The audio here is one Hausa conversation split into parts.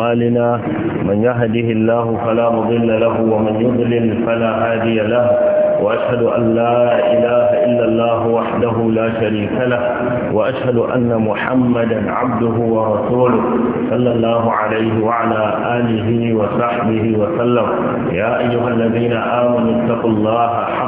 أعمالنا من يهده الله فلا مضل له ومن يضلل فلا هادي له وأشهد أن لا إله إلا الله وحده لا شريك له وأشهد أن محمدا عبده ورسوله صلى الله عليه وعلى آله وصحبه وسلم يا أيها الذين آمنوا اتقوا الله حق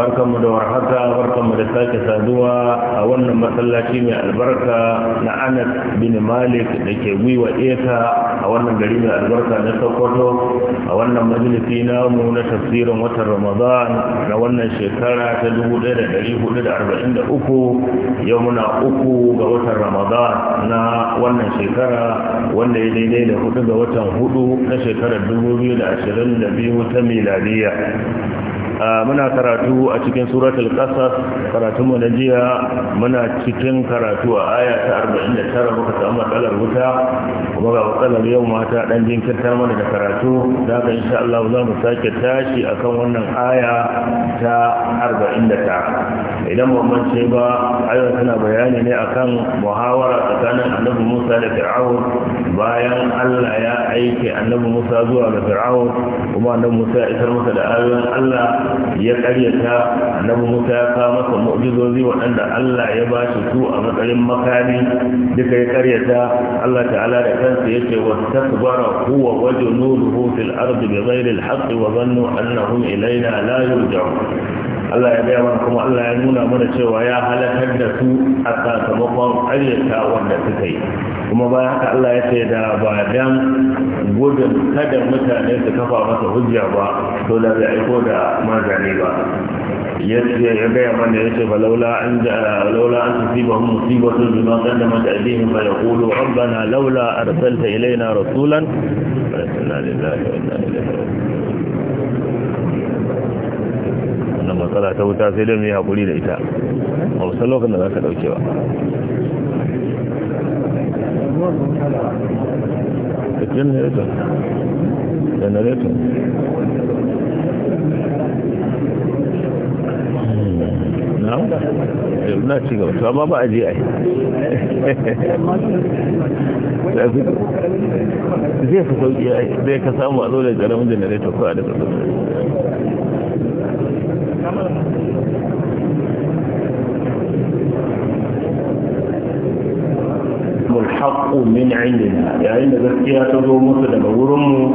barkanmu da warhaka barkanmu da sake saduwa a wannan masallaci mai albarka na anas bin malik da ke gwiwa eta a wannan gari mai albarka na sokoto a wannan majalisi namu na tafsirin watan ramadan na wannan shekara ta 1443 yau muna uku ga watan ramadan na wannan shekara wanda ya daidai da hudu ga watan hudu na shekarar 2022 ta miladiya muna karatu a cikin suratul qasas karatu mu na jiya muna cikin karatu a aya ta 49 muka samu matsalar wuta kuma ga matsalar yau mata ta dan jinkirta mana da karatu da ga insha Allah za mu sake tashi akan wannan aya ta 49 idan mu mance ba ayo tana bayani ne akan muhawara tsakanin annabi Musa da Fir'aun bayan Allah ya aike annabi Musa zuwa ga Fir'aun kuma annabi Musa ya isar masa da ayoyin Allah ya karyata annabi Musa ya kawo masa mu'jizozi waɗanda Allah ya ba shi su a matsayin makami duka ya karyata Allah ta'ala da kansa yace wastakbara huwa wa junuduhu fil arzi bighairi al-haqqi wa zannu annahum ilaina la yurja'un Allah ya gaya mana kuma Allah ya nuna mana cewa ya halakar da su a sakamakon ƙaryata wanda suka yi kuma bayan haka Allah ya ce da ba dan gudun kada mutane su kafa masa hujja ba to da bai aiko da magani ba ya gaya mana ya ce falaula an laula an tusiba hum musibatun bima qaddamat aydihim fa yaqulu rabbana laula arsalta ilaina rasulan wannan matsala ta wuta sai dai mai yi hakuri da ita a mu lokacin da za ka dauke ba hmm. eh, na ci gaba to amma ba a je ai zai fi sauki ai zai ka samu a zo da jaramin generator ko a da kasuwa الحق من عندنا يعني إن ذكية تزو مسلم ورمو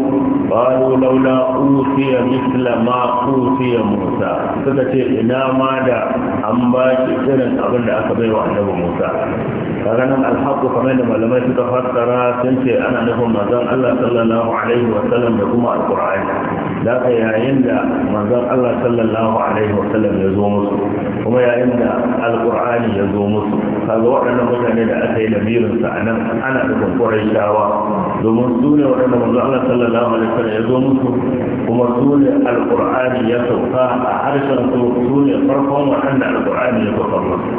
قالوا لولا أوتي مثل ما أوتي موسى سكتي إنا ماذا أما شئتنا أبن أكبر وأنه موسى فكان الحق كمان لما لم يتفسر سنتي أنا نفهم مزال الله صلى الله عليه وسلم يقوم القرآن da ka yayin da manzon Allah sallallahu alaihi wasallam ya zo musu kuma yayin da alkur'ani ya zo musu kaga waɗannan mutane da aka yi lamirin sa anan ana da shawa domin su ne waɗanda manzon Allah sallallahu alaihi wasallam ya zo musu kuma su ne alqur'ani ya sauka a harshen su su ne farkon waɗanda alkur'ani ya sauka musu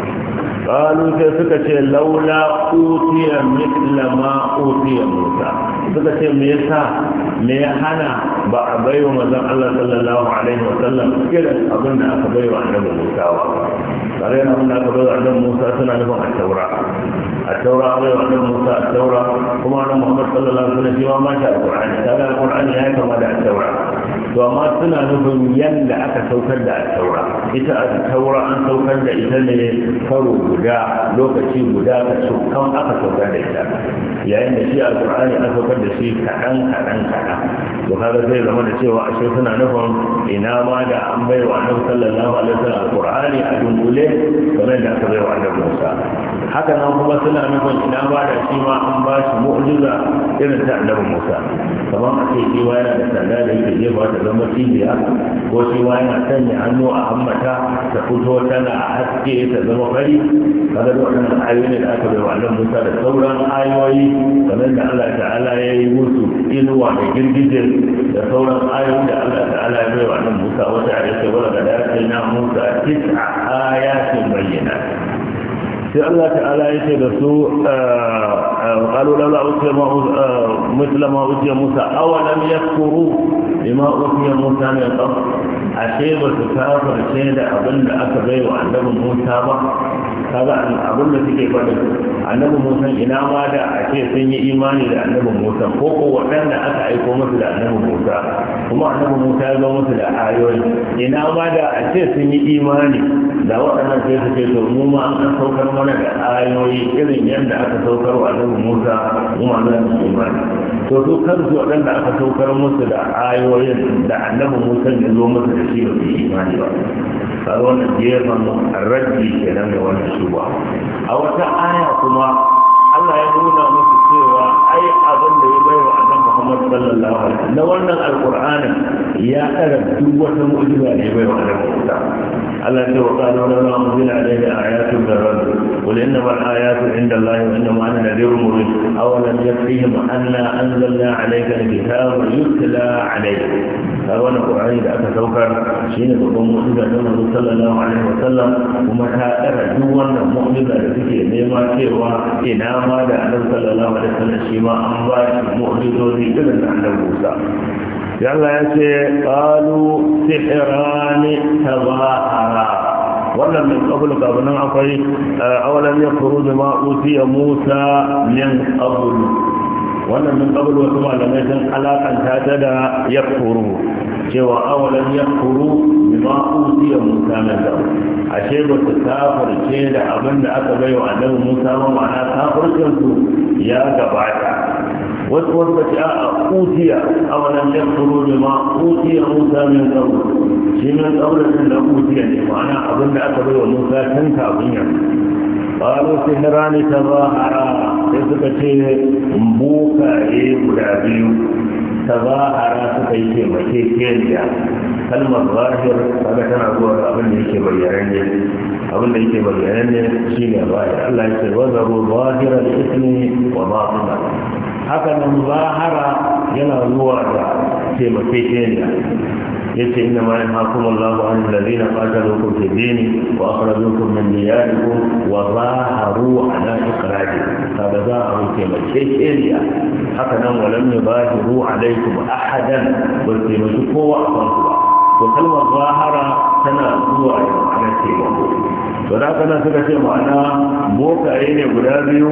قالوا sai suka ce laula utiya mithla ma utiya musa suka ce me yasa me ya hana ba a baiwa mazan Allah sallallahu alaihi wa sallam irin abin da aka baiwa annabi Musa ba tare da abin da aka baiwa annabi Musa suna nufin a taura a taura a baiwa annabi Musa a taura kuma annabi Muhammad sallallahu alaihi wa sallam shi ma ma shi alqur'ani kaga alqur'ani ya kama da taura to amma suna nufin yanda aka saukar da taura ita a taura an saukar da ita ne karo guda lokaci guda ka kan aka saukar da ita yayin da shi alqur'ani an saukar samar shi kaɗan kaɗan kaɗan to kaga zai zama da cewa a shi suna nufin ina ma da an bai wa annabi sallallahu alaihi wasallam alqur'ani a dunkule kamar da aka bai wa annabi Musa haka nan kuma suna nufin ina ma da shi ma an ba shi mu'jiza irin ta annabi Musa kamar a ce shi yana da sanda da yake jefa ta zama cibiya ko shi yana sanya hannu a hammata ta fito tana haske ta zama fari kaga waɗannan ayoyi da aka bai wa annabi Musa da sauran ayoyi kamar da Allah ta'ala ya ya yi musu inuwa da girgije da sauran ayoyin da Allah ta'ala ya bai wa nan Musa wata a yake wala da ya na Musa tis'a ayatin bayyana sai Allah ta'ala ya ce da su ah, qalu la utiya ma ah, mithla ma utiya Musa awalam yakfuru bima utiya Musa min qabl ashe ba su kafirce da abin da aka bai wa annabi Musa ba kaga abin da suke faɗi annabi musa ina ma da a ce sun yi imani da annabi musa ko ko waɗanda aka aiko musu da annabi musa kuma annabi musa ya zo musu da ayoyi ina ma da a ce sun yi imani da waɗannan sai suke to mu ma an saukar mana da ayoyi irin yadda aka saukar wa annabi musa kuma ma za mu imani to su kansu waɗanda aka saukar musu da ayoyin da annabi musa ya zo musu da shi ba su imani ba kaga wannan jefan rabbi kenan da wannan su ba a wata aya kuma Allah ya nuna musu cewa ai abin da ya bai Muhammad sallallahu alaihi wasallam na wannan alqur'anin ya tsara duk wata mu'jiza ne bai wa Allah Allah ta wa qala wa la unzila alayhi ayatun min rabbi qul innama al-ayatu inda Allah wa innama ana nadhirun mubin aw lam yakfihim anna anzalna alayka al-kitaba yutla alayka wannan qur'ani da aka saukar ne babban mu'jiza ta Muhammad sallallahu alaihi wasallam kuma ta tsara duk wannan mu'jiza da suke nema cewa ina ma da Annabi sallallahu alaihi wasallam shi ma an ba shi mu'jizozi irin na annabi Musa ya Allah ya ce qalu sihrani tabahara wannan min qabl kabunan akwai eh, awalan yakhruju ma utiya Musa min qabl wannan min qabl wasu malamai sun alakanta ta da yakfuru cewa awalan yakfuru bima utiya Musa min qabl ashe ba su kafirce da abin da aka bai wa annabi Musa ba ma'ana kafircin su ya gabata wasu wasu ce a kutiya a wannan yan kuro ne ma kutiya musa min tsawo shi min kabu da da kutiya ne ma'ana abin da aka bai wa musa tun kafin su hira sihirani ta ba hara sai suka ce bukaye guda biyu ta ba hara suka yi taimake keriya kalmar zahir kaga tana zuwa da abin da yake bayyanan ne abin da yake bayyanan ne shine zahir Allah ya ce wa zaru zahira al-ismi wa batina haka nan zahara yana zuwa da taimakekeniya yace inna ma yanhaakum Allahu 'anil ladina qataluukum fi dini wa akhrajuukum min diyarikum wa zaharu 'ala ikhrajikum kada za a rufe makekeniya haka nan walam yubahiru 'alaykum ahadan wa taimaki kowa a kanku ba to kalmar zahara tana zuwa da ma'anar taimako to da kana suka ce ma'ana bokaye ne guda biyu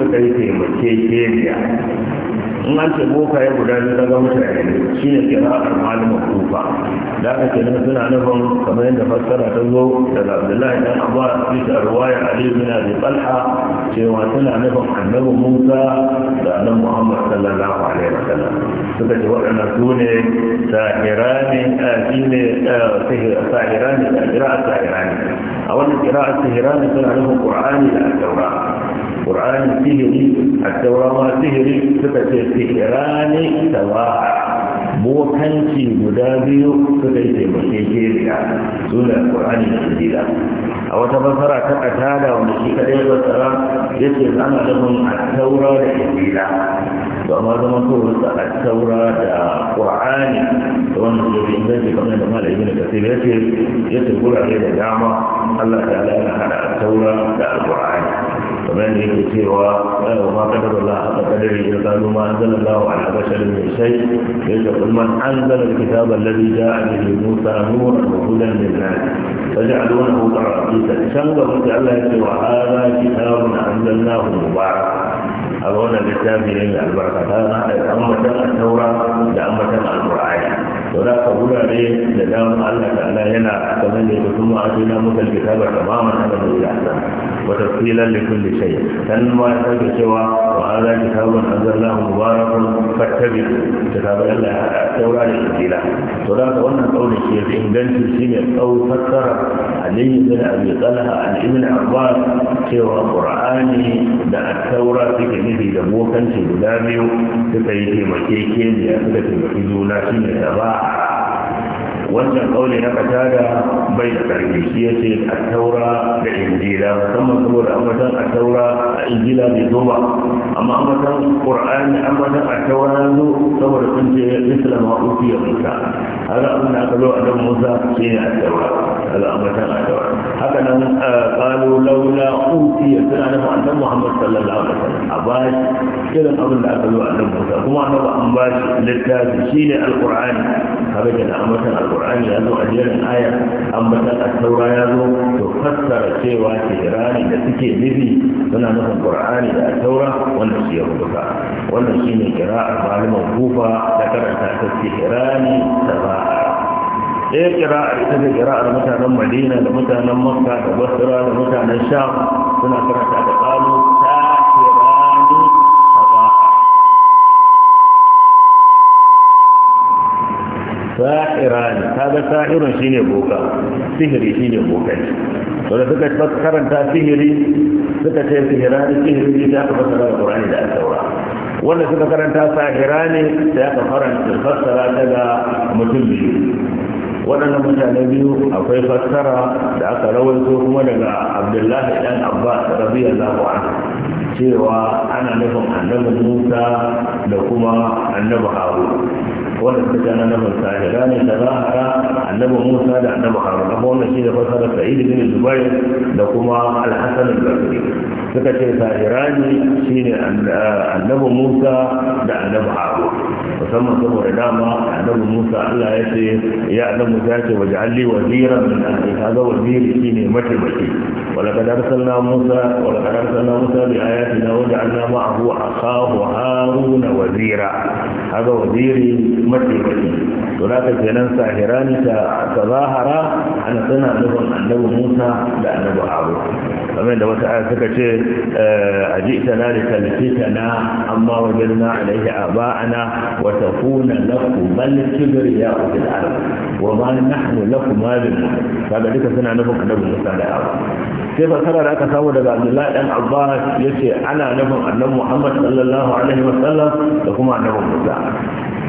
suka yi taimakekeniya in an ce boka ya guda biyu daga mutane shi ne kira a malin makufa da aka ce nan suna nufin kamar yadda fassara ta zo daga abdullahi dan abba bisa ruwaya ali bin abi talha cewa suna nufin annabi musa da annabi muhammad sallallahu alaihi wasallam suka ce waɗannan su ne sahirani a eh, shi ne eh, sahirani da kira a sahirani a wannan kira a sahirani suna nufin qur'ani da al-taura ƙur'ani sihiri a taurawa sihiri suka ce sihirani tawa bokanci guda biyu suka yi taimake keriya suna ƙur'ani da sihira a wata basara ta ƙatada wanda shi kaɗai basara ya ce ana nufin a taura da sihira amma zama ko da a taura da ƙur'ani da wanda ke bin zai kamar da malayi da kasir ya ce ya ce gurare da dama allah ta ala yana hada a taura da Al-ƙur'ani. kamar da yake cewa ma kadar Allah aka kadari da kanu ma anzalallahu ala basharin min shay yake kul man anzala alkitaba alladhi a bihi Musa nuna nuran wa hudan lin nas a qaraa'isa shan ga mutum Allah ya ce wa hadha kitabun anzalnahu mubarak a wannan littafi ne mai albarka ta na da ambatan taura da ambatan al ولا قبول عليه لدام الله تعالى هنا كمن ثم أتينا موسى الكتاب تماما على نور أحسن وتفصيلا لكل شيء تنوى يحتاج سوى وهذا كتاب أنزلناه مبارك فاتبع كتاب الله التوراة الإنجيل ولا كون قول الشيخ إن جنت السنة أو فكر علي بن أبي طلحة عن ابن عباس سوى قرآني دع الثورة في كنيسة دبوكا في دلابيو في كيسي مكيكين لأسكة مكيزونا في نتباع wancan kauli na katada bai da karfi shi ya ce a taura da injila musamman saboda ambatan a taura a injila bai zo ba amma ambatan qur'ani ambatan a taura zo saboda sun ce islam wa ufiya musa هذا أمنا قالوا أن موسى حين التوراة هذا أمر كما التوراة هكذا قالوا لولا أوتي سنة أن محمد صلى الله عليه وسلم أباش كذا أمنا قالوا أن موسى ثم أن أباش للتاج شين القرآن هذا كان أمر كما القرآن يأذو أجل الآية أمر كما التوراة يأذو تفسر شيء واتهراني لتكي بذي سنة القرآن إلى التوراة والنسيه بك والنسيه كراء معلمة كوفة ذكرت تحت السهراني تبارك ɗaya kira'ar ita da kira'ar mutanen madina da mutanen makka da basira da mutanen sham suna karanta da ƙalu ta kira'u sabaha sa'irani ta ga sa'irun shine boka sihiri shine bokai wanda suka karanta sihiri suka ce sihirani sihiri da aka fasara da ƙurani da aka saura wanda suka karanta sahira ne sai aka faranta fassara ta ga mutum biyu waɗannan mutane biyu akwai fassara da aka rawaito kuma daga abdullahi dan abbas radiyallahu anhu cewa ana nufin annabi musa da kuma annabi haru wanda suka ji annabi sahira ne da zahara annabi musa da annabi harun abu wannan shi da fasara sa'id bin zubair da kuma al-hasan al-basri suka ce sahirani shine annabi musa da annabi harun musamman saboda dama annabi musa allah ya ce ya annabi musa ya ce waj'alli waziran min ahli kaga waziri shine mataimaki ولقد أرسلنا موسى ولقد أرسلنا موسى بآياتنا وجعلنا معه أخاه هارون وزيرا هذا وزيري mataimaki to da ka kenan sahirani ta tazahara ana suna nufin annabi musa da annabi abu kamar da wata aya suka ce eh, a ji ita na da talfita na amma wajen na alaihi a ba'ana wa na laku malikibir ya uku da arab wa ma na laku mu kaga duka suna nufin annabi musa da abu sai fasara da aka samu daga abdullahi dan abbas yace ana nufin annabi muhammad sallallahu alaihi wasallam da kuma annabi musa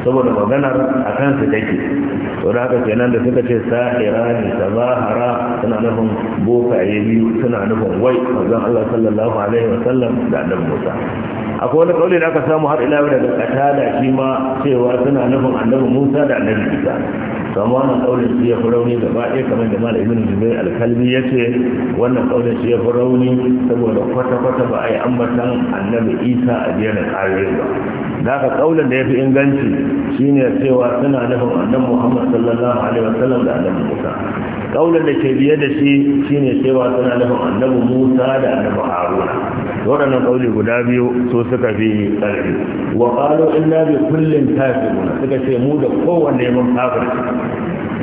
saboda maganar a kansu take to da haka kenan da suka ce sahira ne tabahara suna nufin bokaye biyu suna nufin wai wajen Allah sallallahu alaihi wasallam da annabi Musa akwai wani kauli da aka samu har ila daga katada shi ma cewa suna nufin annabi Musa da annabi Isa kamar wannan kaulin shi ya fi rauni gaba ɗaya kamar da malam ibn jubair al-kalbi ce wannan kaulin shi ya fi rauni saboda kwata-kwata ba a yi ambatan annabi Isa a da ƙarfi ba da haka kaulin da ya fi inganci Shi ne cewa suna nufin annan muhammad sallallahu alaihi wasallam da annabi musa Ƙaunar da ke biye da shi shi ne cewa suna nufin annabi musa da annabi haruna waɗannan kauli guda biyu su suka fi ƙarfi wa qalu inna bi kullin kafiruna suka ce mu da kowanne mun kafirci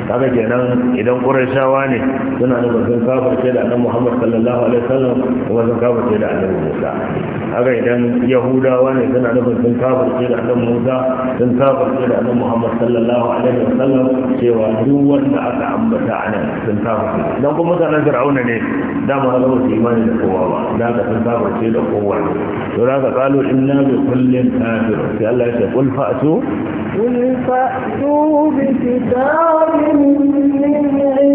kaga kenan idan qurayshawa ne suna nufin sun bazan ce da annabi Muhammad sallallahu alaihi wasallam kuma sun ce da annabi Musa kaga idan yahudawa ne suna nufin sun bazan ce da annabi Musa sun kafirce barzo da annabi Muhammad sallallahu alaihi wa cewa duk wanda aka ambata a nan sun kafa dan kuma mutanen Fir'auna ne dama ga wasu imani da kowa ba da ka sun kafa ce da kowa to da ka kalu inna bi kullin kafir sai Allah ya ce qul fa'tu qul fa'tu bi kitabin min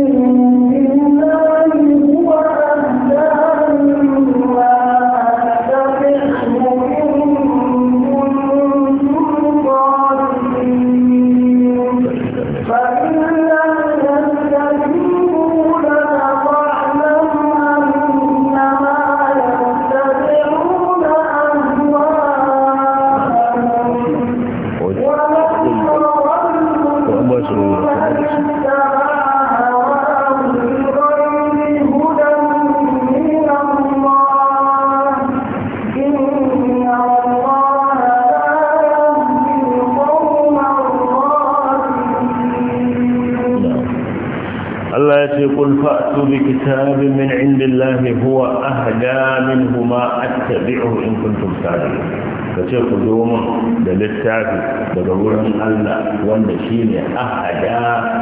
ce qul fa'tu bi kitabin min indillahi huwa ahda minhuma attabi'uhu in kuntum kace ku zo mun da littafi daga wurin Allah wanda shi ne ahada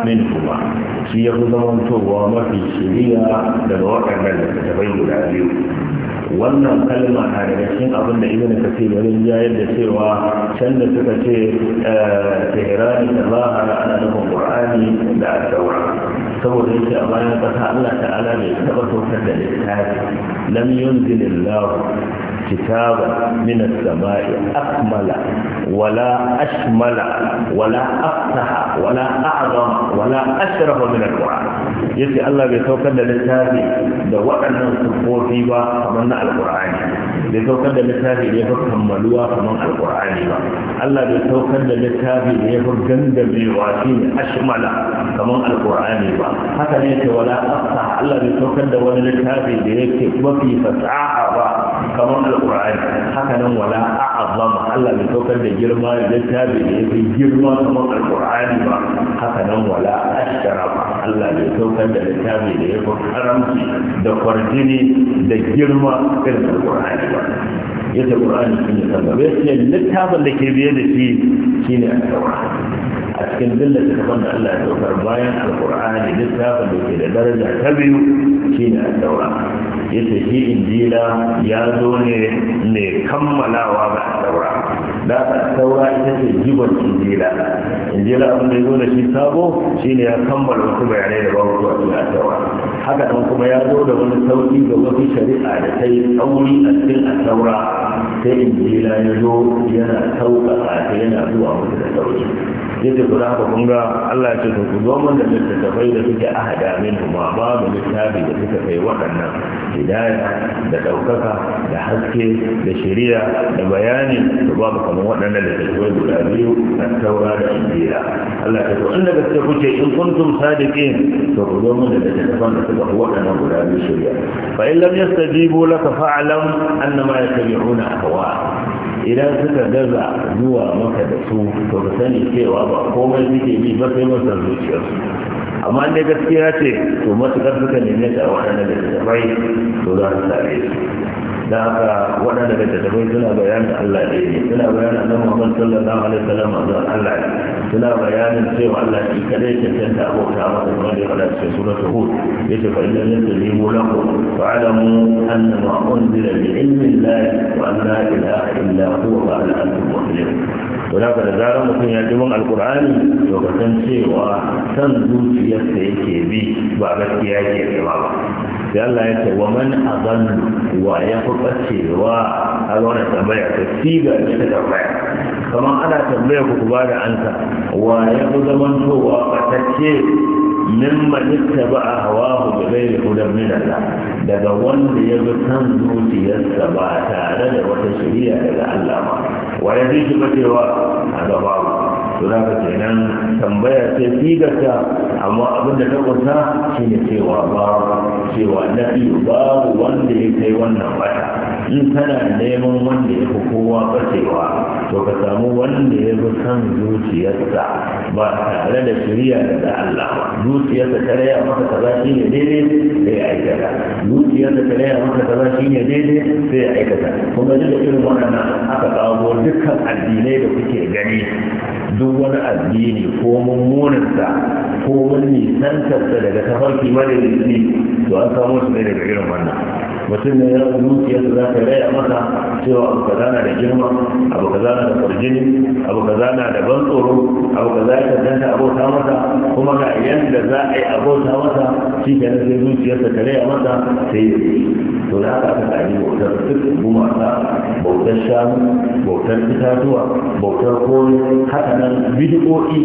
min kuma shi ya fi zamantowa mafi shiriya daga waɗannan littattafai guda biyu wannan kalma na daga cikin abin da ibn kasir ya yadda da cewa can da suka ce tehrani da zahara ana nufin qur'ani da at saboda yake a bayan kasa Allah ta'ala bai taɓa saukar da littafi lam yunzilillahu kitaba min as-sama'i akmala wala ashmala wala afsaha wala a'zama wala ashrafa min al-qur'an yace Allah bai saukar da littafi da waɗannan sufofi ba kamar na al-qur'ani bai saukar da littafi da ya fi kammaluwa kamar alkur'ani ba Allah bai saukar da littafi da ya fi gangamewa shi ne ashmala kamar alkur'ani ba haka ne ce wala asa Allah bai saukar da wani littafi da yake mafi fasaha ba kamar alkur'ani haka nan wala a'azzam Allah bai saukar da girma da littafi da ya fi girma kamar alkur'ani ba haka nan wala ashara ba Allah bai saukar da littafi da ya fi karamci da kwarjini da girma irin da Qur'ani ba ya yace Qur'ani shine sabba yace littafin da ke biye da shi shine al-Qur'ani a cikin dillar da kaman da Allah ya saukar bayan alkur'ani littafin da ke da daraja ta biyu shi ne al-daura yace shi injila ya zo ne mai kammalawa ba al-daura da aka saura ita ce jibon injila injila abin da ya zo da shi sabo shine ya kammala wasu bayanai da babu zuwa cikin asawa haka nan kuma ya zo da wani sauki ga wasu shari'a da ta yi tsauri a cikin asaura sai injila ya zo yana sauƙaƙa a yana zuwa musu da sauki yake kuna haka kun ga Allah ya ce to ku zo mun da littattafai da bai da suke ahada min ma da littafi da suka kai waɗannan hidaya da daukaka da haske da shari'a da bayani to ba babu kamar waɗannan littattafai guda biyu na taura da injila Allah ya ce in da gaske kuke in kuntum sadiqin to ku zo mun da littattafan da suka kai waɗannan guda biyu shari'a fa in lam yastajibu laka fa'lam annama yattabi'una ahwa idan suka gaza zuwa maka da su to ka sani cewa ba komai suke bi ba sai masa su amma dai gaskiya ce to matuƙar suka nemi ta waɗanda da bai to za su same su da haka waɗanda daga tattabai suna bayanin Allah ne suna bayanin Allah Muhammad sallallahu alaihi wasallam a zuwan Allah ne suna bayanin cewa Allah shi kadai cancanta abota masa kamar da ya faɗa cikin suratu Hud yace fa idan lam tulimu lahu fa'lamu anna ma unzila bi ilmi Allah wa an la ilaha illa huwa wa ala antum muslimun to da ka da zarar mutum ya ji mun alqur'ani to ka san cewa san zuciyarsa yake bi ba gaskiya yake ba sai Allah ya ce wa a azallu wa ya fi ɓacewa a wani tambaya ta siga ce ta tambaya kamar ana tambaya ku ba da ansa wa ya fi zamantowa ɓatacce min yadda ba a hawa da bai da hudan daga wanda ya bi san zuciyarsa ba tare da wata shari'a daga Allah ba wa ya fi shi ɓacewa a gaba to za ka kenan tambaya ce sigarta amma abin da ta kusa shi ne cewa babu cewa babu wanda ya kai wannan wata in kana neman wanda ya fi kowa bacewa to ka samu wanda ya fi san zuciyarsa ba tare da shirya da Allah ba zuciyarsa ta raya maka kaza shi ne daidai sai ya aikata zuciyarsa ta raya maka kaza shi ne daidai sai ya aikata kuma duk da irin waɗannan aka kawo dukkan addinai da kuke gani duk wani addini ko mummunansa ko wani nisantarsa daga tafarki madalisi to an samu su ne daga irin wannan mutum ne ya zuciyarsa za ta aka raya mana cewa abu kaza na da girma abu kaza na da farjini abu kaza na da ban tsoro abu kaza ya tantance abota masa kuma ga yanda za a yi abota masa shi ke nan sai zuciyarsa ta raya masa sai ya yi to da haka aka tsari bautar duk gumaka bautar shanu bautar itatuwa bautar kori haka nan bidiyoyi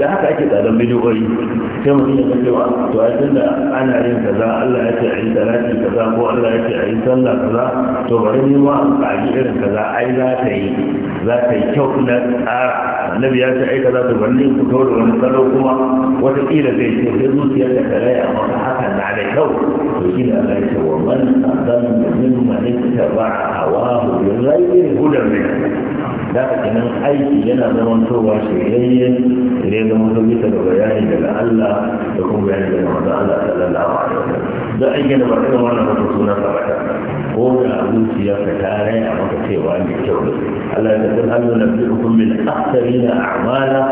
da haka ake tsadan bidiyoyi sai mutum ya cewa to a da ana yin kaza Allah ya ce a yi salati kaza ko Allah ya ce a yi sallah kaza to to bari ne ma amfani irin kaza ai za ta yi za ta yi kyau na tsara annabi ya ce ai kaza to bari ne fito da wani salo kuma wata kila zai ce sai zuciya ta kare a maka hakan na da kyau to shi ne Allah ya ce wa man azan min man ittaba hawahu bi ghayri hudan ne da aka kenan aiki yana zamantowa shiryayyen musulmi zama sun bisa da bayani daga Allah da kuma bayani daga manzo Allah ta a alaihi wasallam don an gina ba daga wannan mutum sunan sa bata ko da zuciyarka tare a maka cewa ne kyau Allah ya tafi hannu na fi hukum min aksarina a'mala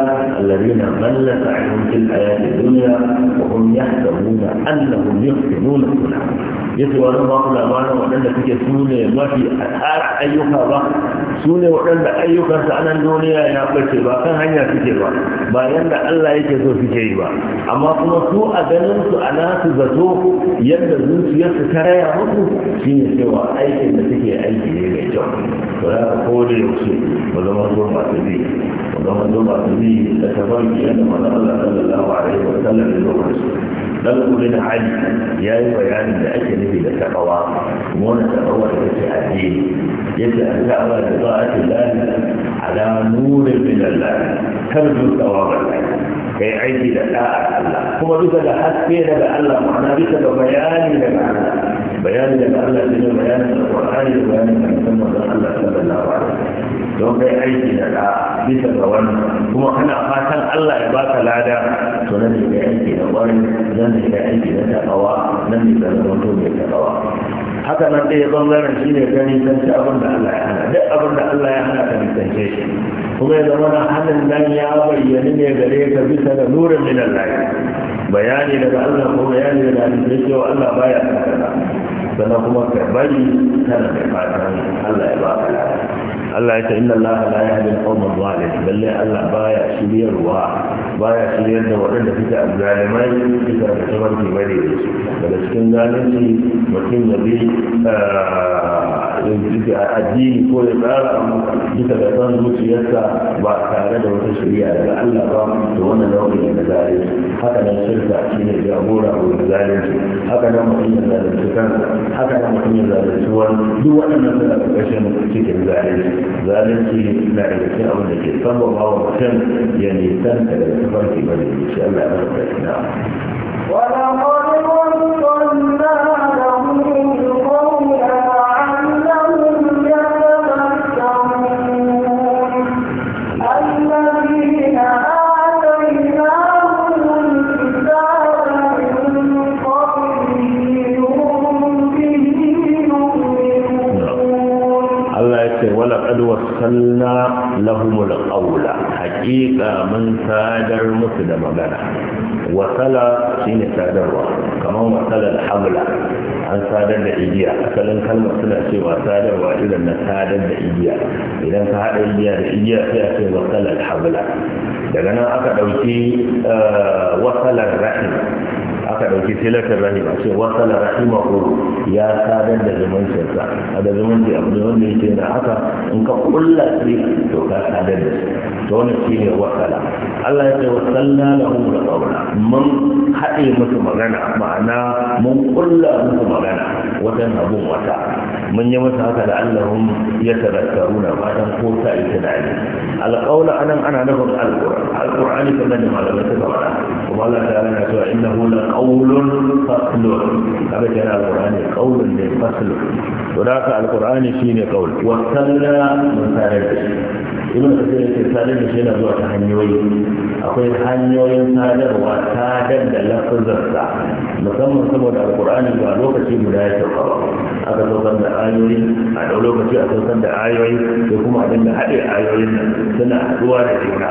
duniya ko anhum fil hayati dunya wa hum yahsabuna annahum yuhsinuna sunna yace wannan ba ku labarin waɗanda suke sune mafi a tsara ayyuka ba sune waɗanda ayyukansa nan duniya ya bace ba kan hanya suke ba ba ba yadda Allah yake so suke yi ba amma kuma su a ganin su a nasu zato yadda zuciyarsu ta raya musu shine cewa aikin da suke aiki ne mai kyau to ya ko da yaushe mu zama zo su bi mu zama zo su bi da ta tabarki yadda manzo Allah sallallahu alaihi wa sallam ya zo ɗan da hali ya yi bayanin da ake nufi da takawa kuma wani takawa da take addini yadda an ta'ala da ba a tilali ala nurin min Allah kar dutsawa ba kai aiki da da'a Allah kuma duka da haske daga Allah ma'ana bisa da bayani daga Allah bayani daga Allah shine bayanin da Qur'ani da bayanin da Allah sallallahu alaihi wasallam don kai aiki da da'a bisa ga wannan kuma kana fatan Allah ya baka lada to nan ne kai aiki na ƙwarin nan ne kai aiki na takawa nan ne ka zama to mai takawa haka nan ɗaya bangaren shi ne ka ci abin da Allah ya hana duk abin da Allah ya hana ka nisance shi kuma ya zama na hannun nan ya bayyana ne gare ka bisa ga nurin min Allah bayani daga Allah ko bayani daga Allah cewa Allah baya ka sannan kuma ka bari kana da fatan Allah ya baka lada Allah ya ce inna Allah la yahdi al-qawma adh-dhalimin lalle Allah baya shiryarwa baya shiryar da waɗanda suke azzalimai bisa da tabarki bare da cikin zalunci mutum ya bi eh, a addini ko ya tsara duka da san zuciyarsa ba tare da wata shari'a daga Allah ba da wannan nau'in da zalunci haka nan shirka shine ne jagora wurin zalunci haka nan mutum ya zalunci kansa haka nan mutum ya zalunci wani duk waɗannan suna ƙarƙashin cikin zalunci zalunci na da cikin abin da ke sabon hawa mutum ya nisan daga tafarki ba da shi Allah ya rubuta shi na. ولقد igiya asalin kalmar suna cewa sadarwa irin na sadar da igiya idan ka haɗa igiya da igiya sai a ce wasalar habla daga nan aka ɗauki eh, wasalar rahim aka ɗauki tilatar rahim a ce wasala rahima ko ya sadar da zumuncinsa a da zumunci abu da wanda yake da haka in ka kulla shi to ka sadar da shi to wannan shine wasala Allah ya ce wasalla lahu da qawla mun haɗe musu magana ma'ana mun kulla musu magana Wajen abun wata mun yi masa haka da allahun ya tarakkaru na fatan ko ta yi tunani alƙaula anan ana nufin alƙur'ani kamar da malamai suka faɗa kuma allah ta yana cewa inna hula ƙaulun faslun kaga kenan alƙur'ani ƙaulun ne faslun to da haka alƙur'ani shine ƙaul wasalla mun tare da shi ibn kasir ya ce tare da shi yana zuwa ta hanyoyi akwai hanyoyin sadarwa ta da lafazarsa musamman saboda alkur'ani ba lokaci guda ya sauka ba aka saukar da ayoyi a ɗau lokaci a saukar da ayoyi sai kuma a dinga haɗe ayoyin nan suna haɗuwa da juna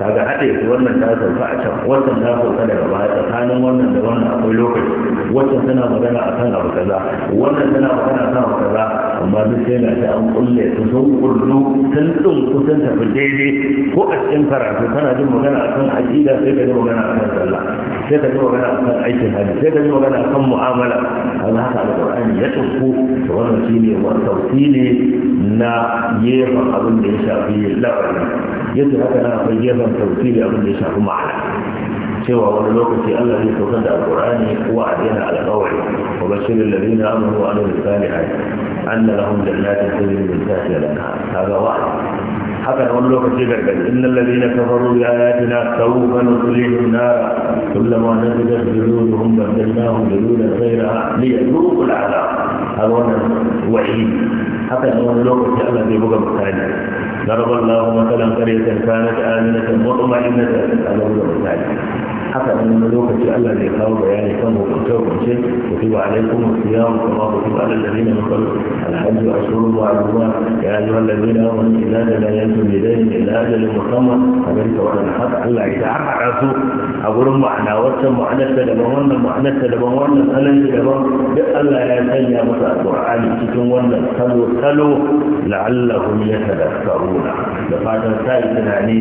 kaga haɗe wannan ta sauka a can wannan ta sauka daga baya tsakanin wannan da wannan akwai lokaci wannan tana magana a kan abu kaza wannan tana magana a kan abu kaza amma duk sai na ta an kulle su sun kurdu sun tsun kusan tafi daidai ko a cikin karatu kana jin magana a kan aƙida sai ka ji magana a kan sallah sai ka ji magana a kan aikin hajji sai ka magana kan mu'amala an haka alƙur'ani ya tafi to wannan shi ne wasauki ne na gefen abin da ya shafi labarin yadda haka na akwai gefen sauki abin da ya shafi ma'ana cewa wani lokaci Allah zai saukar da alƙur'ani wa adina alƙawari wa bashirin ladina amanu wa amilus salihati anna lahum jannatin tajri min tahtiha al-anhar kaga wa'ad حسن أقول لك في بعد إن الذين كفروا بآياتنا سوف نصليهم نارا كلما نزلت جلودهم بدلناهم جلودا غيرها ليذوقوا العذاب هذا وحيد حتى أقول لك في الله في بقى مختلف ضرب الله مثلا قرية كانت آمنة مطمئنة هذا هو haka in lokaci Allah zai kawo bayani kan hukunce hukunce kutiba alaikum siyam kama kutiba alal ladina min qablikum alhajj wa ashhurun ma'lumat ya da ayyuhal ladina amanu idza tadayantum bidayn da ajalin musamma kamar ta wannan haka Allah ya harhaɗa su a gurin ma'ana wancan ma'anar ta daban wannan ma'anar ta daban wannan salon ta daban duk Allah ya sanya masa alqur'ani cikin wannan salo salo la'allahum yatadakkaruna da fatan sai tunani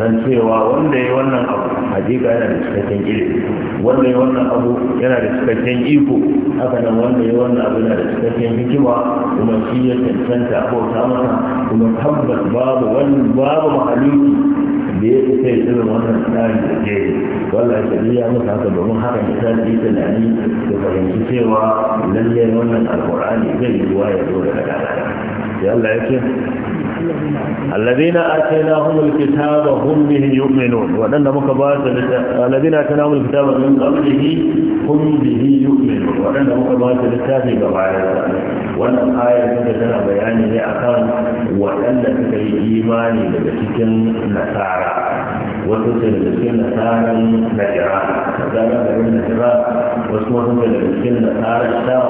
zan cewa wanda ya yi wannan abu hakika yana da cikakken ilimi wanda ya wannan abu yana da cikakken iko haka nan wanda ya wannan abu yana da cikakken hikima kuma shi ya cancanta abota masa kuma tabbas babu wani babu da ya fi sai irin wannan tsari da ke wanda ya shari'a ya mutu haka domin haka ya sa da tunani da fahimci cewa lallai wannan alkur'ani zai yi ruwa ya zo daga dada sai Allah ya ce الذين آتيناهم الكتاب هم به يؤمنون وأن مكبات الذين آتيناهم الكتاب من قبله هم به يؤمنون وأن مكبات للتافي بغير wannan ayar duka tana bayani ne akan waɗanda suka yi imani daga cikin nasara wasu su daga cikin nasaran najira nasarar garin najira wasu wasu daga cikin nasarar sham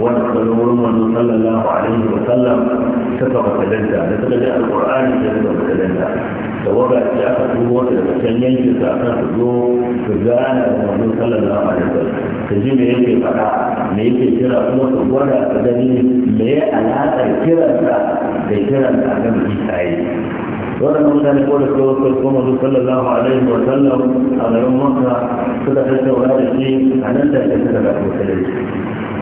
wanda suka zo wurin manzo sallallahu alaihi wa sallam suka fasalanta da suka ji Alƙur'ani da suka fasalanta da ya aka turo wata daga can yankin sa aka zo su gana da manzon da alaihi wasallam ta ji me yake faɗa me yake kira kuma ta gwada ta gani me ya alaƙar kiransa da kiran da annabi Isa yi wannan mutane ko da kawo ko kuma su sallallahu alaihi wa sallam a garin Makka suka tattauna da shi a nan da suka ga musulunci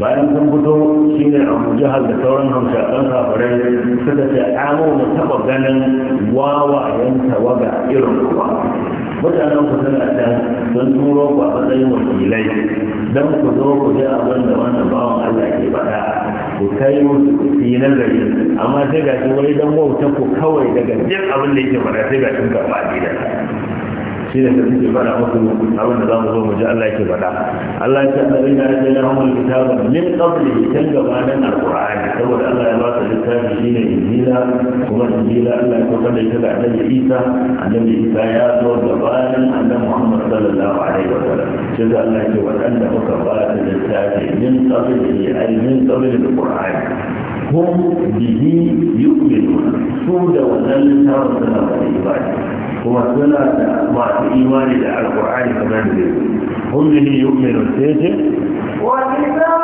bayan sun fito shi ne abu jihar da sauran hamshakan kafirai suka ce amo mu taɓa ganin wawayen tawaga irin kuwa mutanen ku suna can sun turo ku a matsayin wakilai don ku zo ku ji abin da wannan bawan allah ke faɗa ku kai musu yi gari amma sai ga shi wani dan wauta ku kawai daga duk abin da yake faɗa sai ga shi gaba gida shi ne da suke faɗa musu abin da za mu zo mu ji Allah yake faɗa Allah ya ce alladhina atainahum alkitaba min qablihi kan gabanin alqur'ani saboda Allah ya ba su littafi shine injila kuma injila Allah ya kafa da ita ga annabi Isa annabi Isa ya zo gabanin annabi Muhammad sallallahu alaihi wa sallam shi da Allah ya ce wa annabi ka ba su littafi min qablihi ay min qabli alqur'ani هم به يؤمنون سودا وذلك وسنة الإيمان إيمان وإيمان القرآن كمان هم به يؤمنون سيجي وكتاب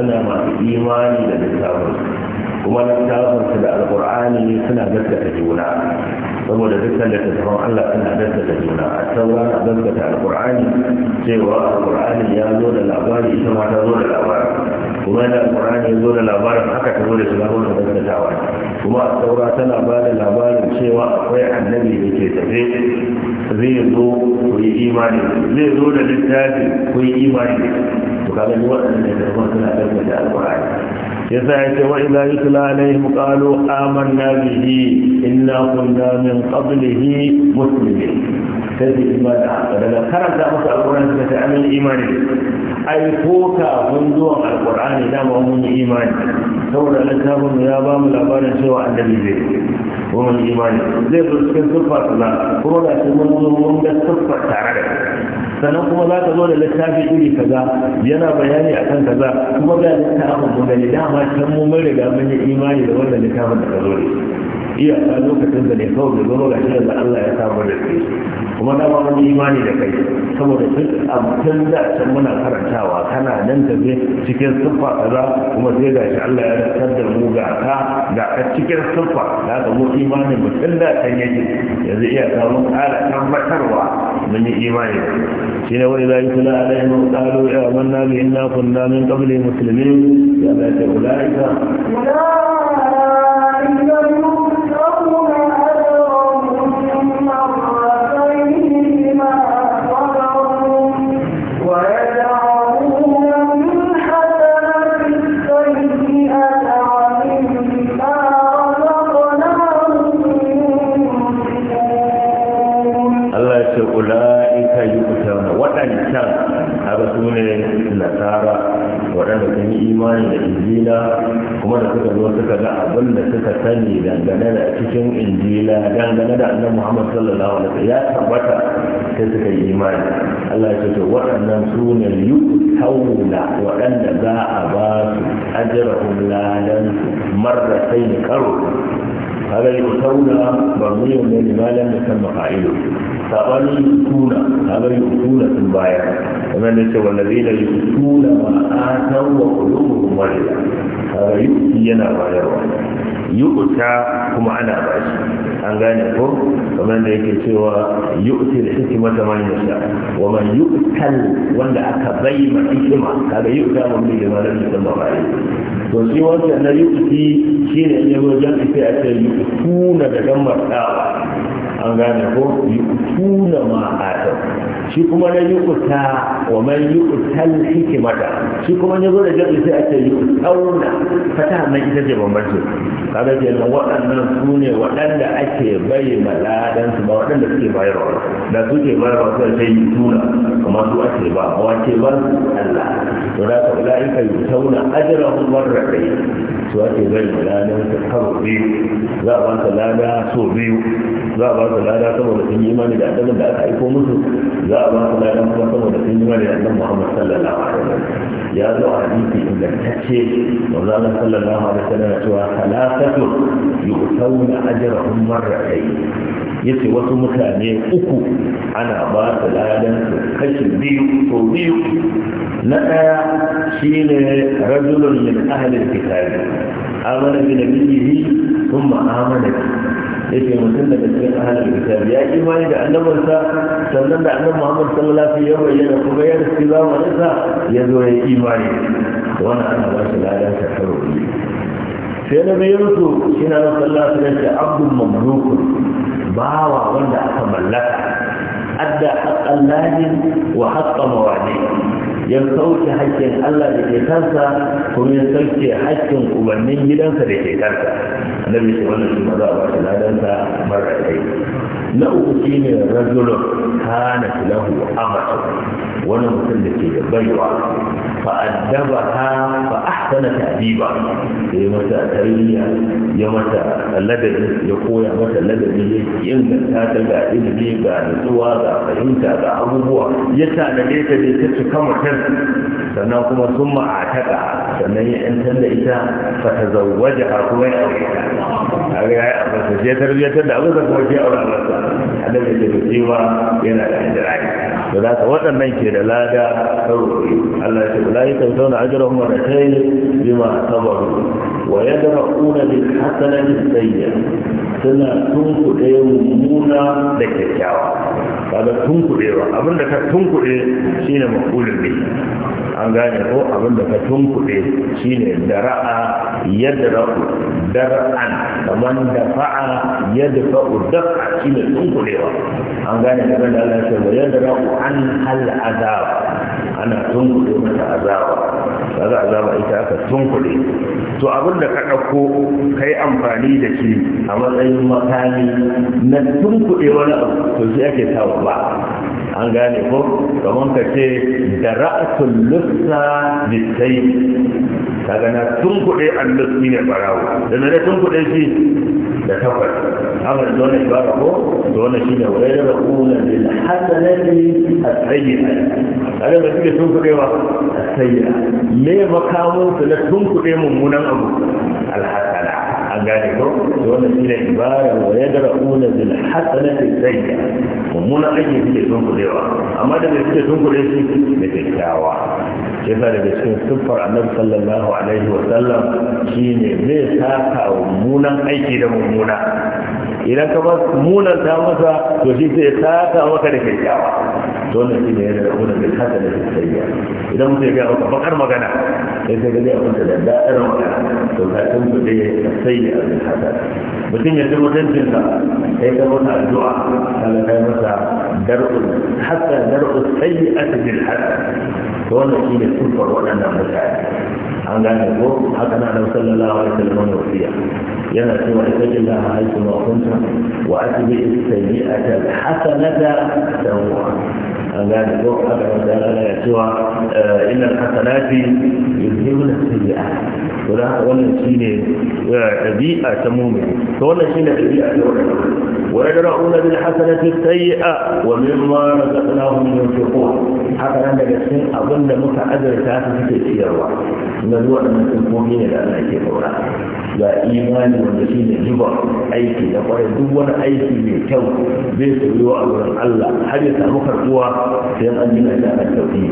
suna masu imani da littafin kuma littafin su da alkur'ani suna gaskata juna saboda dukkan littattafan Allah suna gaskata juna a sauran a gaskata alkur'ani cewa alkur'ani ya zo da labari ita ma ta zo da labari kuma da alkur'ani ya zo da labarin haka ta zo da shiga wani gaskatawa kuma a saura tana ba da labarin cewa akwai annabi da ke tafe zai zo ku yi imani zai zo da littafi ku yi imani to kaga ni waɗannan da kuma suna ɗauka da alƙur'ani yasa ya ce wa idza yutla alaihim qalu amanna bihi inna kunna min qablihi muslimin sai su imani daga karanta musu alƙur'ani suka ce amin imani ai ko kafin zuwan alƙur'ani dama mun yi imani saboda littafin ya ba mu labarin cewa annabi zai ومن الإيمان زي بسكن صفة كذا كما لا تمنون من ده صفة تعالى sannan kuma za ka zo da littafi iri kaza yana bayani a kan kaza kuma ga littafin mu da dama can mu mun riga mun yi imani da wannan littafin da ka zo da shi iya ta lokacin da ne kawai da zama gashi da Allah ya samu da kai kuma na wani imani da kai saboda duk abin da can muna karantawa kana nan tafe cikin siffa kaza kuma sai gashi Allah ya rantar da mu ga ka ga ka cikin siffa da ka mu imani mu tun da kan yake yanzu iya ta mu kara tabbatarwa mun yi imani shi ne wani zai tuna alaihim qalu ya amanna bi inna kunna min qabli muslimin ya ta ta'ulaika يقولون sai suka yi imani Allah ya ce to waɗannan su ne yu haula waɗanda za a ba su ajrahum sai marratayn karo kaga yu haula ba mu ne ne malan da kan maqailu sabani tuna kaga yu tuna sun bayar kamar da ce wallazina yu tuna ma atau wa qulubuhum wajila kaga yu yana bayarwa ta. kuma ana ba shi an gane ko kamar da yake cewa yu'til hikmata man yasha wa man yu'tal wanda aka bai ma hikima kaga yu'ta mun bi ma da san ba bai to shi wanda na yu'ti shine ne wajen sai a ce yu'tuna da gamar dawa an gane ko yu'tuna ma shi kuma na yi uta wa man yi utal hikimata shi kuma ya zo da jabi sai ake yi utauna fata nan ita ce bambanci kaga kenan waɗannan su ne waɗanda ake bai maladan ba waɗanda suke bayarwa da suke bayarwa su ake yi tuna kamar su ake ba a wace ba Allah to da ka ula ika yi utauna ajira hukumar raɗai su ake bai maladan su karo biyu za a ba su lada so biyu za a ba su lada saboda sun yi imani da adabin da aka aiko musu za a ba su ladan kuma saboda sun yi mara yanzu muhammad sallallahu alaihi wasallam ya zo a hadisi ingantacce manzo Allah sallallahu alaihi wasallam cewa salatatu yu'tawna ajrahum marratayn yace wasu mutane uku ana ba su ladan su kashi biyu ko biyu na ɗaya shine rajulun min ahli al-kitab amana bi nabiyhi thumma amana yake mutum daga cikin ahalin kitabi ya imani da annabinsa sannan da annabi Muhammad sallallahu alaihi wasallam ya bayyana kuma ya riski zamaninsa ya zo ya imani wannan ana ba shi ladan ta karo sai na biyar su shi na sallallahu alaihi wasallam abdul mamlukun bawa wanda aka mallaka adda haqqan lahi wa haqqa mawadi ya sauke haƙƙin Allah da ke kansa kuma ya sauke haƙƙin ubannin gidansa da ke kansa annabi shi wannan shi maza ba shi ladansa mara ɗaya. na uku shi ne rajulun kana lahu amatu wani mutum da ke da baiwa fa addaba ha fa ahsana ta'diba ya mata tarbiyya ya mata ladabi ya koya mata ladabi ya inganta ta ga ilimi ga nutsuwa ga fahimta ga abubuwa ya tanade ta da ta cika mutum sannan kuma sun ma'ataka sannan ya yantar da ita fata zauwaje har kuma ya aure ta Haka ga ya yi abarsa je tarbiyyatar da abin da kuma ke aure abarsa annabi da cewa yana da jirage da za ka waɗannan ke da lada karori Allah ya ce la yi kan zauna ajiyar kuma da yi bima sabaru wa yadda ma'una bil hasanati sayyi'a suna tunkuɗe mummuna da kyakkyawa ba da ba abin abinda ka tunkuɗe shine maqulun bihi an gane ko abinda ka tunkuɗe da ra'a yadra'u dar'an dafa'a daf'a tunkulewa an gane da an ana tunkule azaba azaba ita tunkule to abin da ka ɗauko kai amfani da shi a matsayin makami na tunkuɗe wani abu to ake ba an gane ko kamar ka ce da ra'atul lussa bisai kaga na tun kuɗe annas ne barawo da mene tun kuɗe shi da tabbas amma da wannan ibara ko da wannan shine wai da kuna lil A as na kaga ba shi tun kuɗe ba as-sayyi'a me makamun su na tun kuɗe mummunan abu al-hasana an gane ko da wannan shine ibara wa yadra'una bil hasanati as-sayyi'a mummunan aiki suke tun ba. amma da me suke tun kuɗe shi da kyakkyawa yana daga cikin siffar annabi sallallahu alaihi wasallam shine zai saka mummunan aiki da mummuna idan ka ba munan ta masa to shi sai taka maka da kyakkyawa to wannan shi ne yana da munan da da kyakkyawa idan mutum ya gaya maka bakar magana sai sai ga zai abinta da daɗin magana to ka san su da ya sai ya abin haka mutum ya zama dantinsa sai ka masa addu'a kana kai masa dar'un hatta dar'un sayyi'atu bil hasan to wannan shi ne sufar waɗannan mutane عن ذلك الوقت حتى نعلم صلى الله عليه وسلم من يا ينسى وإتج الله حيث ما كنت وأتبه السيئة الحسنة سوء عن ذلك الوقت حتى نعلم صلى الله آه، إن الحسنات يذهبن السيئات ولا ولا شيء آه، بيئة تمومي ولا شيء بيئة ويدرؤون بالحسنة السيئة ومما رزقناهم ينفقون حتى أن السن أظن متأجر تعرف في السيرة ندوء أن تكونين الآن أيدي فورا لا إيمان والذين جبر أيدي لقد دون أيدي من كو بيت بيوع من الله حديث مخر قوة سيد أن ينجا التوحيد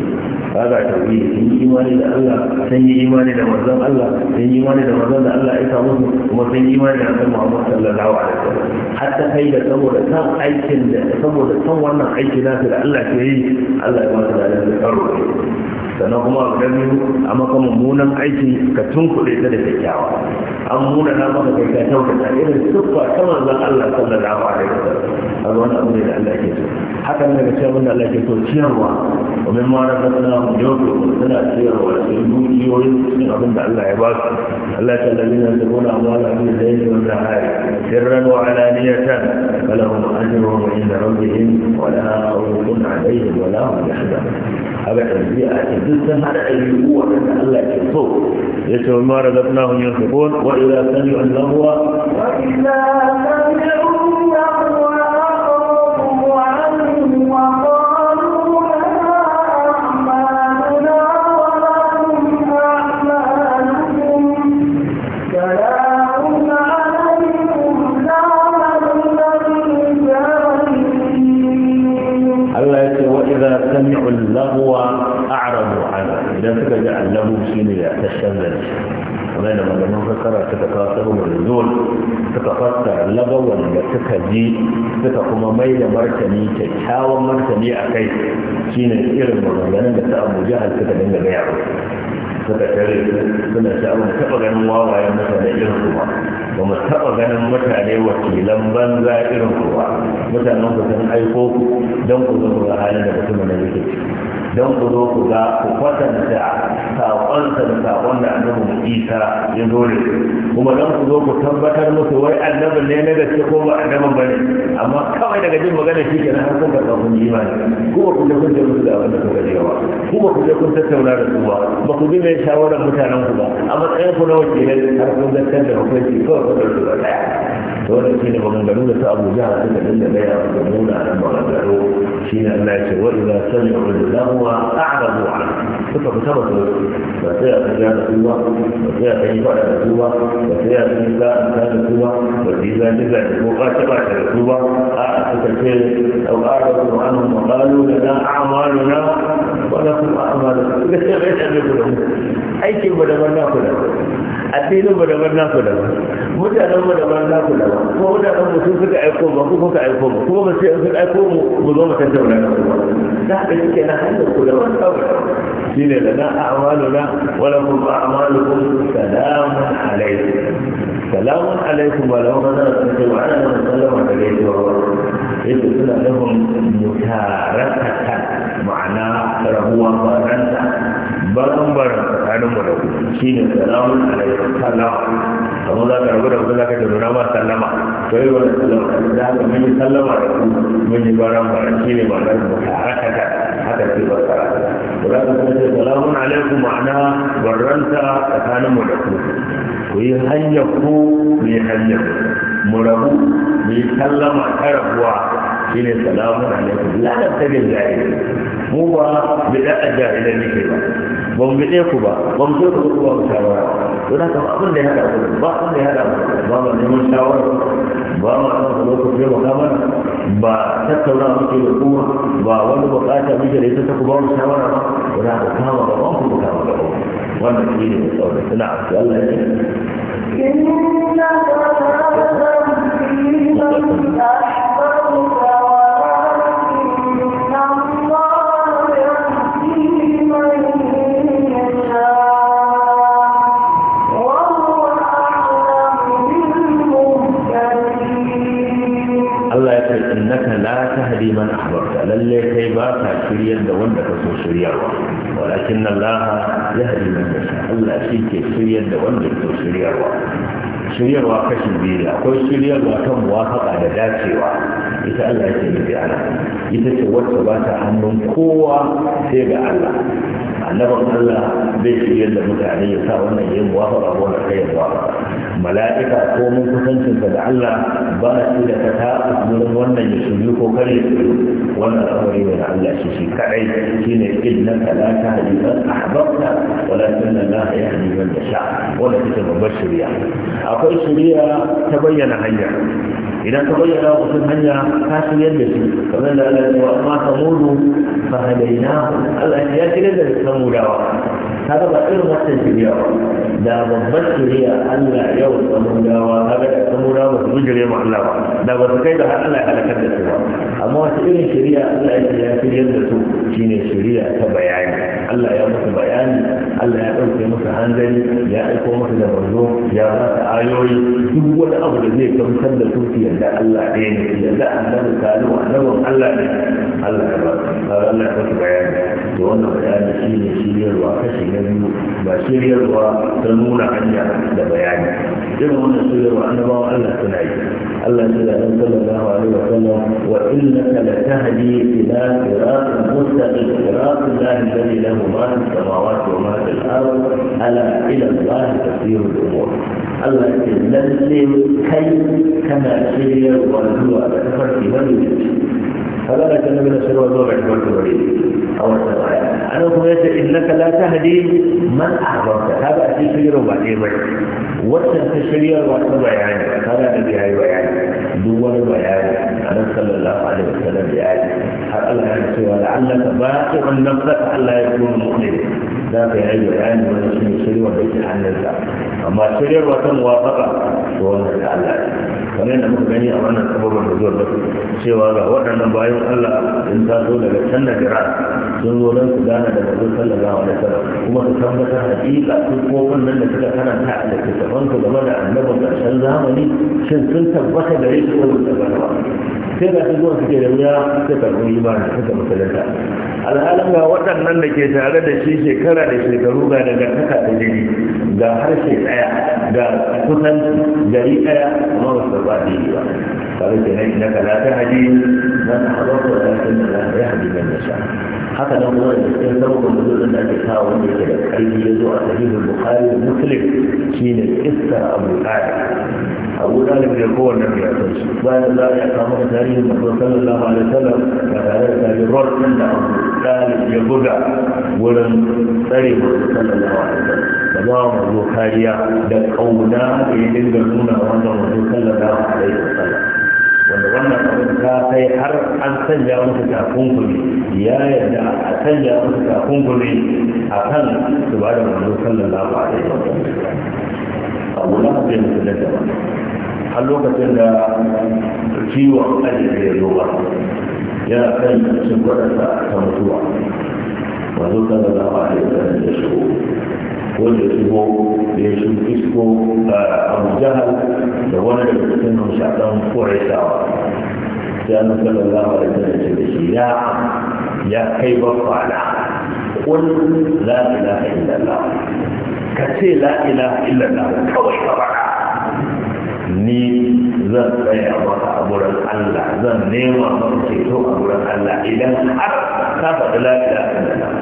هذا التوحيد سن إيمان إلى الله سن إيمان إلى مرزان الله سن إيمان إلى مرزان الله إيسا مصر وسن إيمان إلى محمد صلى الله عليه وسلم حتى kila saboda san aikin da saboda kan wannan aiki na da Allah ke yi Allah ya masa da da karo sannan kuma a gani a maka mummunan aiki ka tunkuɗe ta da kyakkyawa an muna na maka kai ka kyautata irin siffa ta manzon Allah sallallahu alaihi wasallam a wannan abu ne da Allah ke so hakan ne ga cewa Allah ke so ciyarwa ومما رزقناهم يوفقون سنة سير ويسلمون يوفقون عند الله عباد الله تعالى الذين يملكون أموالهم بالليل والنهار سرا وعلانية فلهم أجرهم عند ربهم ولا خوف عليهم ولا هم يحزنون أبدا بيئة الجسم على القوة أن الله يشوف يسوع ما رزقناهم ينفقون وإذا سمعوا اللغو وإذا سمعوا fassara suka kawo rizul suka fassara labar da suka ji suka kuma mai da martani kyakkyawan martani a kai shine irin maganganun da ta abu jihar suka dinga gaya ba suka tare suna sha taɓa ganin wawayen mutane irin su ba ba mu taɓa ganin mutane wakilan banza irin su ba mutanen ku sun aiko ku don ku zo ku ga halin da mutum na yake don ku zo ku ga ku kwatanta saƙonsa da isa ya zo ne kuma don ku zo ku tabbatar musu wai annabin ne na gaske ko ba annabin ba ne amma kawai daga jin magana shi kenan har kun karɓa kun yi imani kuma ku je kun je musu da abin da kuka jewa kuma ku je kun tattauna da su ba ba ku bi mai shawarar mutanen ku ba a matsayin ku na wakilai har kun zartar da hukunci kawai ku ɗauki ba ɗaya da wannan shi ne maganganu da ta abuja jihar suka dinda da nuna a nan maganganu shi ne allah ya ce wa iza sani wa da lamuwa a arabu a suka fita ba su ba sai a tsaya da su ba ba sai a yi faɗa da su ba sai a tsayi za a ta da su ba sai za a da ko ba ta ba da su a suka ce au arabu an magalu da na amaluna wa na kuma amaluna suka ce da aikin ba da ban na ku addinin ba da ban na ku mutanen mu da ba za ku daban kuma mutanen mu sun suka aiko ba ku kuka aiko ba kuma ba sai suka aiko mu mu zo mu tattauna da ku da haka yake na hanyar ku da wani abu shine lana a'maluna wa lakum a'malukum salamun alaikum salamun alaikum wa lakum a'malukum salamun alaikum da gaisuwa yadda suna nufin mutarakatan ma'ana rabuwa baranta baran barin tsakanin mu da ku shi ne salamun alaikum salam kamar za ka rabu da ku za ka tabbata ba sallama to yi wani sallama za ka mun sallama da ku mun yi baran-baran shi ne ma'anar mu haka ta haka ce ba tsara za ka kuma ce salamun alaikum ma'ana barranta tsakanin mu da ku ku yi hanyar ku mu yi hanyar mu rabu mu yi sallama ta rabuwa shine salamu alaikum la ta tabin mu ba da a ila nake ba ba mu bide ku ba ba mu so ku ba mu shawara don haka abin da ya hada ku ba abin da ya hada ku ba mu neman shawara ba mu an ku ku ba kamar ba tattauna muke da ku ba wani bukata muke da ita ta ku ba mu shawara ba don haka ba ku ku kama ba wannan shi ne mai tsaurin suna a su Allah ne. Inna ta ta ta ta ta ta ta walakin Allah ya hadi man yasha Allah shi ke shiryar da wanda ke shiryarwa shiryarwa kashi biyu akwai shiryarwa ta muwafaka da dacewa ita Allah yake nufi ana ita ce wacce ba ta hannun kowa sai ga Allah annabin Allah bai shiryar da mutane ya sa wannan yin muwafaka ko na kai muwafaka mala'ika ko mun kusancinsa da Allah ba shi da ta ta wannan ya shiryu ko kare shiryu wannan al'amari ne Allah shi shi kadai shine innaka la tahdi man ahbabta walakin Allah yahdi man yasha wannan ita babbar shari'a akwai shari'a ta bayyana hanya idan ka bayyana mutum hanya ka shiryar da shi kamar da Allah ya ce wa ma samudu fa hadaina Allah ya shiryar da samudawa kaga ba irin wannan ba. da babban shirya Allah yau samudawa kaga da samudawa ba su bijire mu Allah ba da ba su kai da har Allah ya halakar da su ba amma wata irin shiriya Allah ya shirya da su shine shiriya ta bayani Allah ya musu bayani Allah ya ɗauke musu hanzari ya aiko musu da manzo ya ba su ayoyi duk wani abu da zai gamsar da su su yarda Allah ɗaya ne yarda annabi kalu annabin Allah ne Allah ya ba su Allah ya bayani da wannan bayani shi ne shiryarwa kashi na biyu ba shiryarwa ta nuna hanya da bayani irin wannan shiryarwa annabawan Allah suna yi Allah ya da nan sallallahu alaihi wa sallam wa innaka latahdi ila siratin mustaqim siratin lahi alladhi lahu ma fi samawati wa ma fi al-ard ala ila Allah tasiru al-umur Allah ya ce lalle kai kana shiryarwa zuwa ga tafarki mai kaga da kan da shirwa zo ga cikin kabari a wannan aya ana kuma yace innaka la tahdi man ahbabta kaga a cikin shirwa ba dai bai wannan ta shirya wa ta bayani kaga da yayi bayani duk wani bayani annabi sallallahu alaihi wasallam ya yi har Allah ya ce la'allaka baqi'un Allah ya kuma mu'min za ka yi bayani wani shi ne shirwa da yake hannunsa amma shiryarwa ta muwafaka to wannan ta Allah kamar yadda muka gani a wannan sababin da zuwa basu cewa ga waɗannan bayan Allah in ta zo daga can da jira sun zo don su gana da mazo sallallahu alaihi wasallam kuma su tabbatar hakika sun kofin nan da suka karanta a littattafan su game da annabin ƙarshen zamani shin sun tabbata da yake ko ba su tabbata ba sai ga zuwa suke da wuya ta karɓi imani suka musulunta alhalin ga waɗannan da ke tare da shi shekara da shekaru ga daga kaka da jini ga harshe ɗaya ga kusan gari ɗaya kuma ba su ba da yi ba kare ke nan ina kalata hadisi لا نحضر ولكن لا يهدي من يشاء haka nan kuma da cikin sabon manzon da ke kawo wanda yake da karfi ya zo a sahihul bukhari muslim shine iskar abu talib abu talib da kowanne da ya san shi bayan da ya samu tarihin manzon sallallahu alaihi wasallam da tare da tarihin din da abu talib ya buga wurin tsare manzon sallallahu alaihi wasallam da ba mu zo kariya da kauna da ya dinga nuna wannan manzon sallallahu alaihi wasallam wanda wannan abin ta kai har an sanya musu takunkumi ya yadda a sanya musu takunkumi a kan su ba da manzo sallallahu alaihi a sallam abu na su da a lokacin da ciwon ajiyar ya zo ba yana kan cin kwadarsa ta mutuwa manzo sallallahu alaihi wa da ya shigo da ya shigo da ya shigo isko a abu jahal da wani daga cikin shaɗan kore. sai an sallallahu alaihi wasallam ya ce shi ya ya kai babbana qul la ilaha illallah ka ce la ilaha illallah kawai ka faɗa ni zan tsaya maka a wurin Allah zan nema maka ceto a wurin Allah idan har ka faɗi la ilaha illallah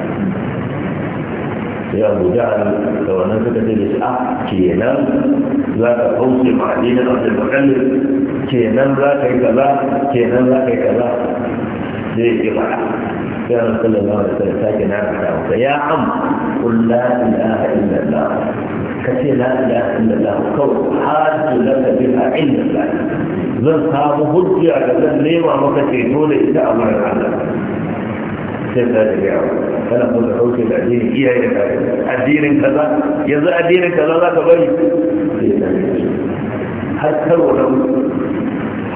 sai abu jahal da wannan suka ce da shi a ah, kenan za ka kauce ma addinin abdul mutallib kenan za ka yi kaza kenan za ka yi kaza sai ya faɗa sai an sallallahu alaihi wasallam sake na faɗa masa ya am qul la ilaha illallah ka ce la ilaha illallah kawai hajju laka biha illallah zan samu hujja da zan nema maka ceto da ita a wurin Allah shan da daga yawa kana so ka kauce da addinin iyaye da addinin kaza yanzu addinin kaza za ka bari har karo har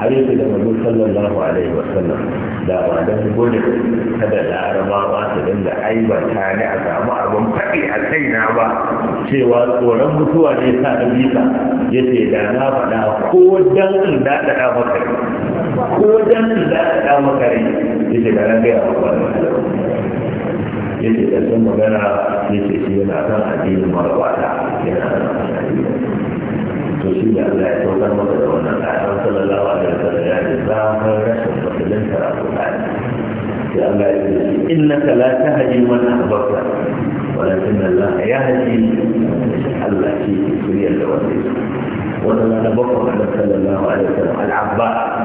hadisi da mazu sallallahu alaihi wasallam da ba da gode kada larabawa su dinga aibata ne a samu abin faɗi a kaina ba cewa tsoron mutuwa ne sa da bisa ya ce da na faɗa ko dan in daɗaɗa maka ko dan in daɗaɗa maka rai yake da nan gaya wa yake da sun magana yake shi yana kan addinin marwata yana kan addinin to shi da Allah ya saukar maka da wannan ayatan sallallahu alaihi wasallam ya ce za ka rashin musulun karatu ayat sai Allah ya ce innaka la tahdi man ahbabta walakin Allah yahdi Allah shi ke shirya da wanda wannan na bakwai da sallallahu alaihi wasallam al-abbas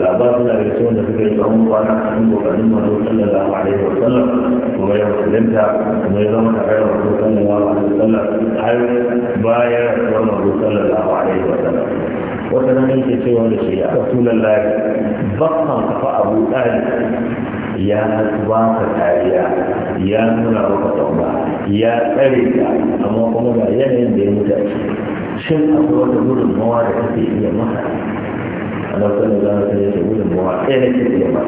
labarin da ke cewa da suka yi tsawon kwana a cikin kokarin masu tsallar da ma'a yau tsallar kuma yau tsallinta kuma ya zama tare da masu tsallar da ma'a yau tsallar har bayar da masu tsallar da ma'a yau tsallar wata nan yake cewa da shi a tsallar da ya bakan kafa abu ya ba ka ya nuna maka tsawon ya tsare ka amma kuma ba yanayin da ya mutu shin akwai wata gudunmawa da kake iya masa na kwallo za ka yi da mawa ɗaya na ke iya ba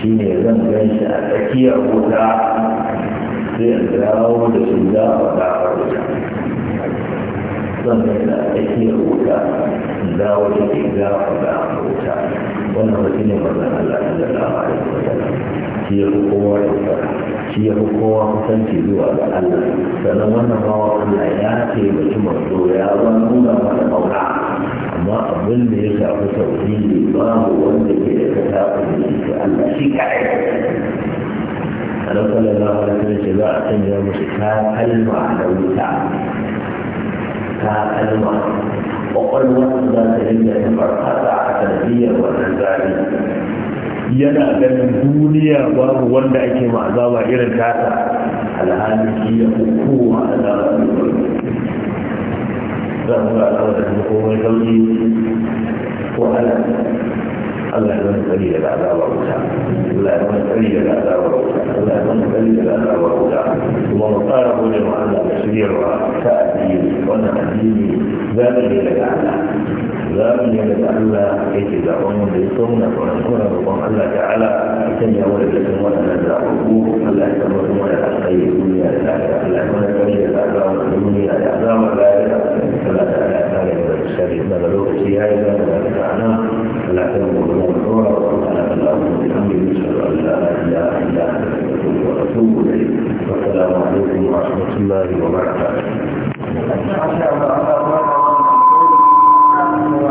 shi ne zan gan shi a tsakiyar wuta sai a dawo da shi za a wata. a wuta zan gan shi a tsakiyar wuta dawo da shi za a faɗa a wuta wannan wasu ne mazan Allah da lawa da wajen shi ya fi kowa da fara shi ya fi kowa kusanci zuwa ga Allah sannan wannan mawa Allah ya taimaki mazo ya zama nuna mana ƙauna amma abin da ya shafi tauhidi babu wanda ke da kasa da shi Allah shi kaɗai annabi sallallahu alaihi wasallam ce za a sanya musu takalma da wuta takalma kwakwalwar za ta rinda ta farfasa a tarbiyyar wannan zari yana ganin duniya babu wanda ake ma azaba irin tata alhali shi ya hukuma azaba za mu ga al'amar da komai sauki ko ala Allah ya tsari daga azabar wuta Allah ya tsari daga azabar wuta Allah ya tsari daga azabar wuta kuma mu fara gode wa Allah da shiryarwa ta addini wannan addini zamani daga Allah zamani daga Allah yake zaben wanda ya so muna tsoron kuma roƙon Allah ta'ala ya sanya mu da cikin wannan zaɓaɓɓu Allah ya tabbatar mana da alƙairi duniya da lafiya Allah ya mana tsari daga azabar duniya da azabar lafiya هذا عليكم ورحمه الله وبركاته.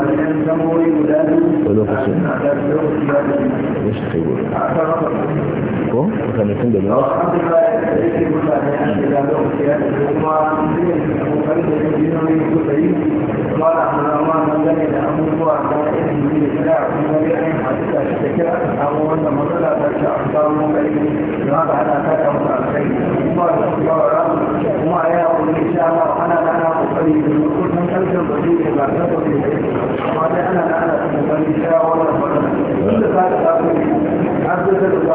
wannan zamori guda biyu kuma ya shi kai gudu ko mutane da nawa kuma ya kuma insha Allah ana ana kokari da kullum kuma ya ba ta amma ana da ana cikin wani shawara wanda za ta samu har da